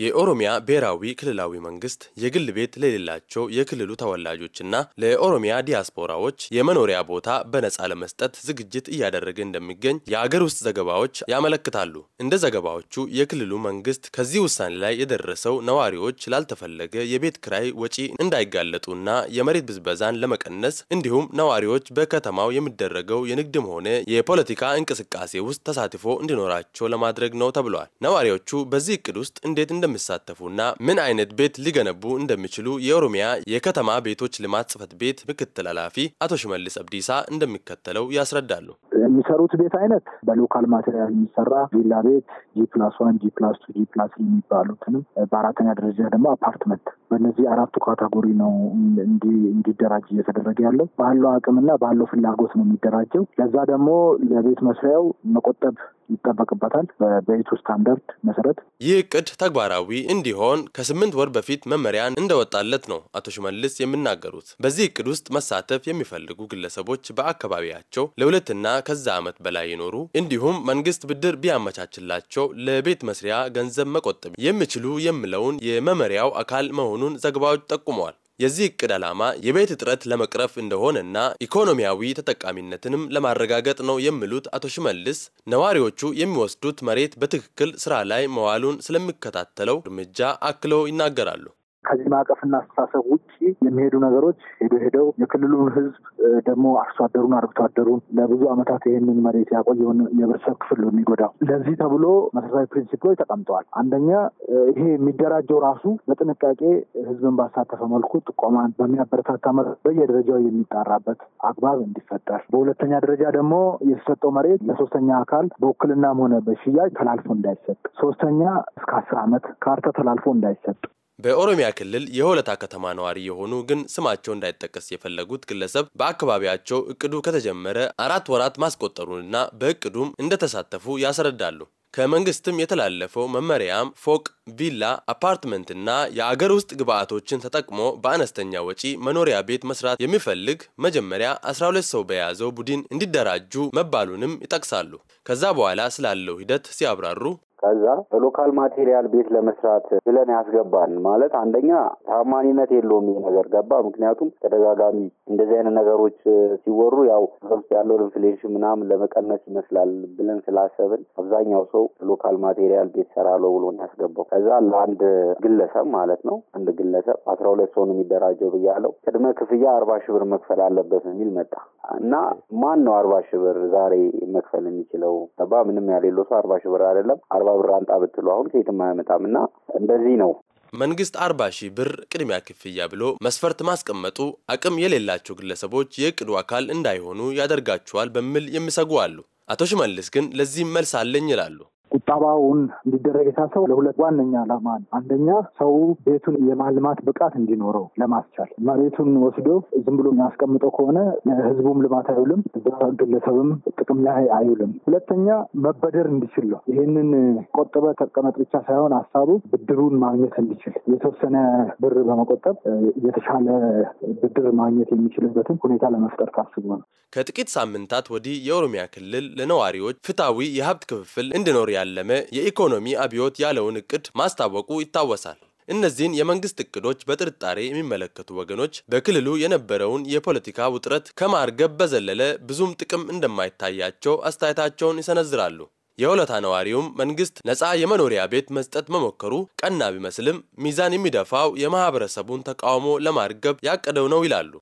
የኦሮሚያ ብሔራዊ ክልላዊ መንግስት የግል ቤት ለሌላቸው የክልሉ ተወላጆችና ለኦሮሚያ ዲያስፖራዎች የመኖሪያ ቦታ በነፃ ለመስጠት ዝግጅት እያደረገ እንደሚገኝ የአገር ውስጥ ዘገባዎች ያመለክታሉ። እንደ ዘገባዎቹ የክልሉ መንግስት ከዚህ ውሳኔ ላይ የደረሰው ነዋሪዎች ላልተፈለገ የቤት ክራይ ወጪ እንዳይጋለጡና የመሬት ብዝበዛን ለመቀነስ እንዲሁም ነዋሪዎች በከተማው የሚደረገው የንግድም ሆነ የፖለቲካ እንቅስቃሴ ውስጥ ተሳትፎ እንዲኖራቸው ለማድረግ ነው ተብሏል። ነዋሪዎቹ በዚህ እቅድ ውስጥ እንዴት እንደሚሳተፉና ምን አይነት ቤት ሊገነቡ እንደሚችሉ የኦሮሚያ የከተማ ቤቶች ልማት ጽፈት ቤት ምክትል ኃላፊ አቶ ሽመልስ አብዲሳ እንደሚከተለው ያስረዳሉ። የሚሰሩት ቤት አይነት በሎካል ማቴሪያል የሚሰራ ቪላ ቤት ጂ ፕላስ ዋን፣ ጂ ፕላስ ቱ፣ ጂ ፕላስ የሚባሉትንም በአራተኛ ደረጃ ደግሞ አፓርትመንት በእነዚህ አራቱ ካታጎሪ ነው እንዲደራጅ እየተደረገ ያለው። ባለው አቅምና ባለው ፍላጎት ነው የሚደራጀው። ለዛ ደግሞ ለቤት መስሪያው መቆጠብ ይጠበቅበታል። በቤቱ ስታንዳርድ መሰረት ይህ እቅድ ተግባራዊ እንዲሆን ከስምንት ወር በፊት መመሪያን እንደወጣለት ነው አቶ ሽመልስ የሚናገሩት። በዚህ እቅድ ውስጥ መሳተፍ የሚፈልጉ ግለሰቦች በአካባቢያቸው ለሁለትና ከዛ ዓመት በላይ ይኖሩ እንዲሁም መንግስት ብድር ቢያመቻችላቸው ለቤት መስሪያ ገንዘብ መቆጠብ የሚችሉ የሚለውን የመመሪያው አካል መሆኑን ዘገባዎች ጠቁመዋል። የዚህ እቅድ ዓላማ የቤት እጥረት ለመቅረፍ እንደሆነና ኢኮኖሚያዊ ተጠቃሚነትንም ለማረጋገጥ ነው የሚሉት አቶ ሽመልስ ነዋሪዎቹ የሚወስዱት መሬት በትክክል ስራ ላይ መዋሉን ስለሚከታተለው እርምጃ አክለው ይናገራሉ። ከዚህ ማዕቀፍና አስተሳሰብ ውጭ የሚሄዱ ነገሮች ሄዶ ሄደው የክልሉን ህዝብ ደግሞ አርሶ አደሩን አርብቶ አደሩን ለብዙ ዓመታት ይህንን መሬት ያቆየውን የህብረተሰብ ክፍል ነው የሚጎዳው። ለዚህ ተብሎ መሰረታዊ ፕሪንሲፕሎች ተቀምጠዋል። አንደኛ ይሄ የሚደራጀው ራሱ በጥንቃቄ ህዝብን ባሳተፈ መልኩ ጥቆማን በሚያበረታታ መልኩ በየደረጃው የሚጣራበት አግባብ እንዲፈጠር፣ በሁለተኛ ደረጃ ደግሞ የተሰጠው መሬት ለሶስተኛ አካል በውክልናም ሆነ በሽያጭ ተላልፎ እንዳይሰጥ፣ ሶስተኛ እስከ አስር ዓመት ካርታ ተላልፎ እንዳይሰጥ በኦሮሚያ ክልል የሆለታ ከተማ ነዋሪ የሆኑ ግን ስማቸው እንዳይጠቀስ የፈለጉት ግለሰብ በአካባቢያቸው እቅዱ ከተጀመረ አራት ወራት ማስቆጠሩንና በእቅዱም እንደተሳተፉ ያስረዳሉ። ከመንግስትም የተላለፈው መመሪያም ፎቅ፣ ቪላ፣ አፓርትመንትና የአገር ውስጥ ግብአቶችን ተጠቅሞ በአነስተኛ ወጪ መኖሪያ ቤት መስራት የሚፈልግ መጀመሪያ 12 ሰው በያዘው ቡድን እንዲደራጁ መባሉንም ይጠቅሳሉ። ከዛ በኋላ ስላለው ሂደት ሲያብራሩ ከዛ በሎካል ማቴሪያል ቤት ለመስራት ብለን ያስገባን ማለት አንደኛ ታማኒነት የለውም ይህ ነገር ገባ። ምክንያቱም ተደጋጋሚ እንደዚህ አይነት ነገሮች ሲወሩ ያው ውስጥ ያለውን ኢንፍሌሽን ምናምን ለመቀነስ ይመስላል ብለን ስላሰብን አብዛኛው ሰው ሎካል ማቴሪያል ቤት ሰራለሁ ብሎ ያስገባው። ከዛ ለአንድ ግለሰብ ማለት ነው አንድ ግለሰብ አስራ ሁለት ሰው ነው የሚደራጀው ብያለው። ቅድመ ክፍያ አርባ ሺህ ብር መክፈል አለበት የሚል መጣ እና ማን ነው አርባ ሺህ ብር ዛሬ መክፈል የሚችለው? ምንም ያሌለው ሰው አርባ ሺህ ብር አይደለም አርባ ባቡር አንጣ ብትሉ አሁን ከየትም አያመጣም እና እንደዚህ ነው። መንግስት አርባ ሺህ ብር ቅድሚያ ክፍያ ብሎ መስፈርት ማስቀመጡ አቅም የሌላቸው ግለሰቦች የእቅዱ አካል እንዳይሆኑ ያደርጋቸዋል በሚል የሚሰጉ አሉ። አቶ ሽመልስ ግን ለዚህም መልስ አለኝ ይላሉ። ቁጠባውን እንዲደረግ የታሰበው ለሁለት ዋነኛ ዓላማ ነው። አንደኛ ሰው ቤቱን የማልማት ብቃት እንዲኖረው ለማስቻል መሬቱን ወስዶ ዝም ብሎ የሚያስቀምጠው ከሆነ ህዝቡም ልማት አይውልም፣ ግለሰብም ጥቅም ላይ አይውልም። ሁለተኛ መበደር እንዲችል ነው። ይህንን ቆጥበ ተቀመጥ ብቻ ሳይሆን ሀሳቡ ብድሩን ማግኘት እንዲችል የተወሰነ ብር በመቆጠብ የተሻለ ብድር ማግኘት የሚችልበትን ሁኔታ ለመፍጠር ታስቦ ነው። ከጥቂት ሳምንታት ወዲህ የኦሮሚያ ክልል ለነዋሪዎች ፍትሐዊ የሀብት ክፍፍል እንዲኖር ያለ ያለመ የኢኮኖሚ አብዮት ያለውን እቅድ ማስታወቁ ይታወሳል። እነዚህን የመንግስት እቅዶች በጥርጣሬ የሚመለከቱ ወገኖች በክልሉ የነበረውን የፖለቲካ ውጥረት ከማርገብ በዘለለ ብዙም ጥቅም እንደማይታያቸው አስተያየታቸውን ይሰነዝራሉ። የሆለታ ነዋሪውም መንግስት ነፃ የመኖሪያ ቤት መስጠት መሞከሩ ቀና ቢመስልም ሚዛን የሚደፋው የማህበረሰቡን ተቃውሞ ለማርገብ ያቀደው ነው ይላሉ።